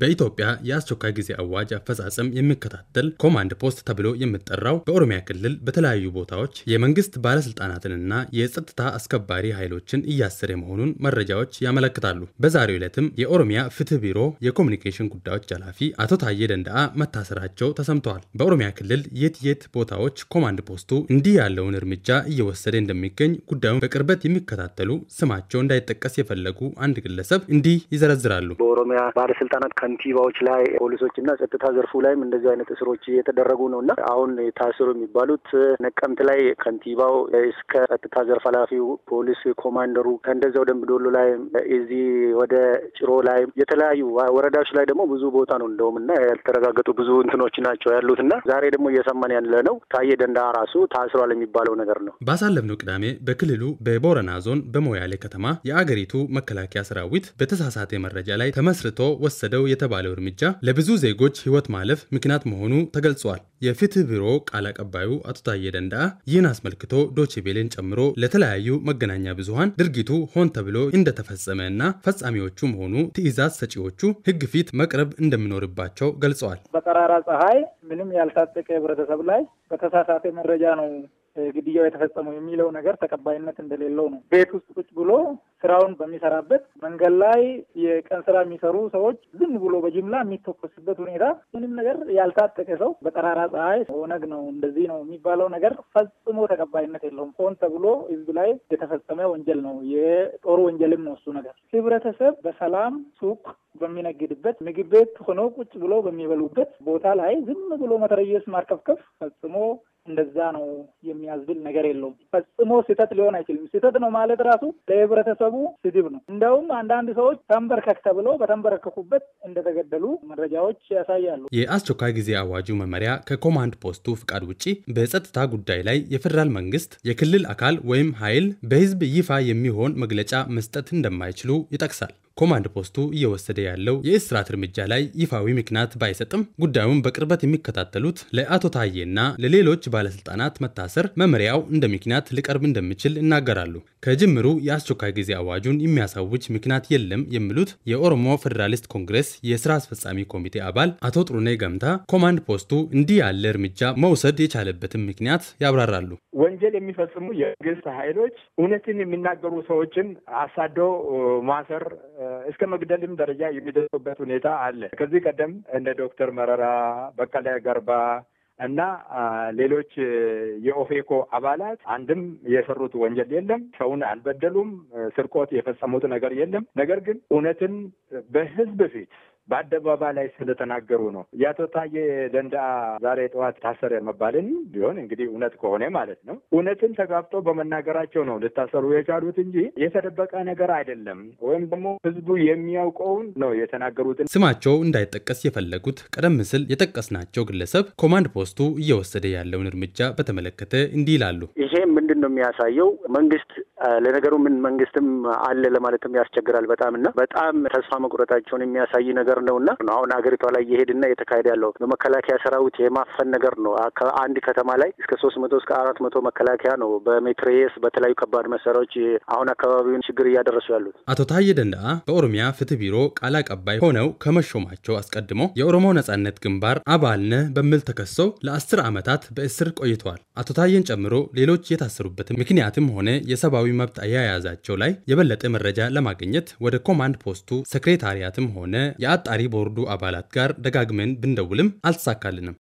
በኢትዮጵያ የአስቸኳይ ጊዜ አዋጅ አፈጻጸም የሚከታተል ኮማንድ ፖስት ተብሎ የሚጠራው በኦሮሚያ ክልል በተለያዩ ቦታዎች የመንግስት ባለስልጣናትንና የጸጥታ አስከባሪ ኃይሎችን እያሰረ መሆኑን መረጃዎች ያመለክታሉ። በዛሬው ዕለትም የኦሮሚያ ፍትህ ቢሮ የኮሚኒኬሽን ጉዳዮች ኃላፊ አቶ ታዬ ደንዳአ መታሰራቸው ተሰምተዋል። በኦሮሚያ ክልል የት የት ቦታዎች ኮማንድ ፖስቱ እንዲህ ያለውን እርምጃ እየወሰደ እንደሚገኝ ጉዳዩን በቅርበት የሚከታተሉ ስማቸው እንዳይጠቀስ የፈለጉ አንድ ግለሰብ እንዲህ ይዘረዝራሉ። በኦሮሚያ ባለስልጣናት ከንቲባዎች ላይ ፖሊሶችና ጸጥታ ዘርፉ ላይም እንደዚህ አይነት እስሮች እየተደረጉ ነው እና አሁን ታስሩ የሚባሉት ነቀምት ላይ ከንቲባው እስከ ጸጥታ ዘርፍ ኃላፊው ፖሊስ ኮማንደሩ ከእንደዚያው ደንብ ዶሎ ላይ እዚህ ወደ ጭሮ ላይ የተለያዩ ወረዳዎች ላይ ደግሞ ብዙ ቦታ ነው እንደውም እና ያልተረጋገጡ ብዙ እንትኖች ናቸው ያሉት እና ዛሬ ደግሞ እየሰማን ያለ ነው ታየ ደንዳ ራሱ ታስሯል የሚባለው ነገር ነው። ባሳለፍነው ቅዳሜ በክልሉ በቦረና ዞን በሞያሌ ከተማ የአገሪቱ መከላከያ ሰራዊት በተሳሳተ መረጃ ላይ ተመስርቶ ወሰደው የተባለው እርምጃ ለብዙ ዜጎች ሕይወት ማለፍ ምክንያት መሆኑ ተገልጿል። የፍትህ ቢሮ ቃል አቀባዩ አቶ ታዬ ደንዳአ ይህን አስመልክቶ ዶችቤሌን ጨምሮ ለተለያዩ መገናኛ ብዙኃን ድርጊቱ ሆን ተብሎ እንደተፈጸመ እና ፈጻሚዎቹ መሆኑ ትዕዛዝ ሰጪዎቹ ሕግ ፊት መቅረብ እንደሚኖርባቸው ገልጸዋል። በጠራራ ፀሐይ ምንም ያልታጠቀ ህብረተሰብ ላይ በተሳሳተ መረጃ ነው ግድያው የተፈጸመው የሚለው ነገር ተቀባይነት እንደሌለው ነው። ቤት ውስጥ ቁጭ ብሎ ስራውን በሚሰራበት መንገድ ላይ የቀን ስራ የሚሰሩ ሰዎች ዝም ብሎ በጅምላ የሚተኮስበት ሁኔታ ምንም ነገር ያልታጠቀ ሰው በጠራራ ፀሐይ ኦነግ ነው እንደዚህ ነው የሚባለው ነገር ፈጽሞ ተቀባይነት የለውም። ሆን ተብሎ ህዝብ ላይ የተፈጸመ ወንጀል ነው። የጦር ወንጀልም ነው እሱ ነገር። ህብረተሰብ በሰላም ሱቅ በሚነግድበት ምግብ ቤት ሆኖ ቁጭ ብሎ በሚበሉበት ቦታ ላይ ዝም ብሎ መተረየስ ማርከፍከፍ ፈጽሞ እንደዛ ነው የሚያዝብል ነገር የለውም። ፈጽሞ ስህተት ሊሆን አይችልም። ስህተት ነው ማለት ራሱ ለህብረተሰብ ስድብ ስድብ ነው። እንደውም አንዳንድ ሰዎች ተንበርከክ ተብለው በተንበረከኩበት እንደተገደሉ መረጃዎች ያሳያሉ። የአስቸኳይ ጊዜ አዋጁ መመሪያ ከኮማንድ ፖስቱ ፍቃድ ውጪ በጸጥታ ጉዳይ ላይ የፌዴራል መንግስት፣ የክልል አካል ወይም ኃይል በህዝብ ይፋ የሚሆን መግለጫ መስጠት እንደማይችሉ ይጠቅሳል። ኮማንድ ፖስቱ እየወሰደ ያለው የእስራት እርምጃ ላይ ይፋዊ ምክንያት ባይሰጥም ጉዳዩን በቅርበት የሚከታተሉት ለአቶ ታዬና ለሌሎች ባለስልጣናት መታሰር መመሪያው እንደ ምክንያት ሊቀርብ እንደሚችል ይናገራሉ። ከጅምሩ የአስቸኳይ ጊዜ አዋጁን የሚያሳውጅ ምክንያት የለም የሚሉት የኦሮሞ ፌዴራሊስት ኮንግሬስ የስራ አስፈጻሚ ኮሚቴ አባል አቶ ጥሩኔ ገምታ ኮማንድ ፖስቱ እንዲህ ያለ እርምጃ መውሰድ የቻለበትን ምክንያት ያብራራሉ። ወንጀል የሚፈጽሙ የመንግስት ኃይሎች እውነትን የሚናገሩ ሰዎችን አሳደው ማሰር እስከ መግደልም ደረጃ የሚደርሱበት ሁኔታ አለ። ከዚህ ቀደም እንደ ዶክተር መረራ በቀለ ገርባ እና ሌሎች የኦፌኮ አባላት አንድም የሰሩት ወንጀል የለም። ሰውን አልበደሉም። ስርቆት የፈጸሙት ነገር የለም። ነገር ግን እውነትን በህዝብ ፊት በአደባባይ ላይ ስለተናገሩ ነው። የአቶ ታዬ ደንዳ ዛሬ ጠዋት ታሰረ መባልን ቢሆን እንግዲህ እውነት ከሆነ ማለት ነው እውነትን ተጋብጦ በመናገራቸው ነው ልታሰሩ የቻሉት እንጂ የተደበቀ ነገር አይደለም። ወይም ደግሞ ህዝቡ የሚያውቀውን ነው የተናገሩትን። ስማቸው እንዳይጠቀስ የፈለጉት ቀደም የጠቀስ የጠቀስናቸው ግለሰብ ኮማንድ ፖስቱ እየወሰደ ያለውን እርምጃ በተመለከተ እንዲህ ይላሉ። ይሄ ምንድን ነው የሚያሳየው መንግስት ለነገሩ ምን መንግስትም አለ ለማለትም ያስቸግራል በጣም እና በጣም ተስፋ መቁረጣቸውን የሚያሳይ ነገር ነው እና አሁን ሀገሪቷ ላይ እየሄድና እየተካሄደ ያለው በመከላከያ ሰራዊት የማፈን ነገር ነው። ከአንድ ከተማ ላይ እስከ ሶስት መቶ እስከ አራት መቶ መከላከያ ነው በሜትሬየስ በተለያዩ ከባድ መሳሪያዎች አሁን አካባቢውን ችግር እያደረሱ ያሉት። አቶ ታዬ ደንደአ በኦሮሚያ ፍትህ ቢሮ ቃል አቀባይ ሆነው ከመሾማቸው አስቀድሞ የኦሮሞ ነጻነት ግንባር አባልነ በሚል ተከሰው ለአስር ዓመታት በእስር ቆይተዋል። አቶ ታዬን ጨምሮ ሌሎች የታሰሩበት ምክንያትም ሆነ የሰብአዊ የሰብአዊ መብት አያያዛቸው ላይ የበለጠ መረጃ ለማግኘት ወደ ኮማንድ ፖስቱ ሰክሬታሪያትም ሆነ የአጣሪ ቦርዱ አባላት ጋር ደጋግመን ብንደውልም አልተሳካልንም።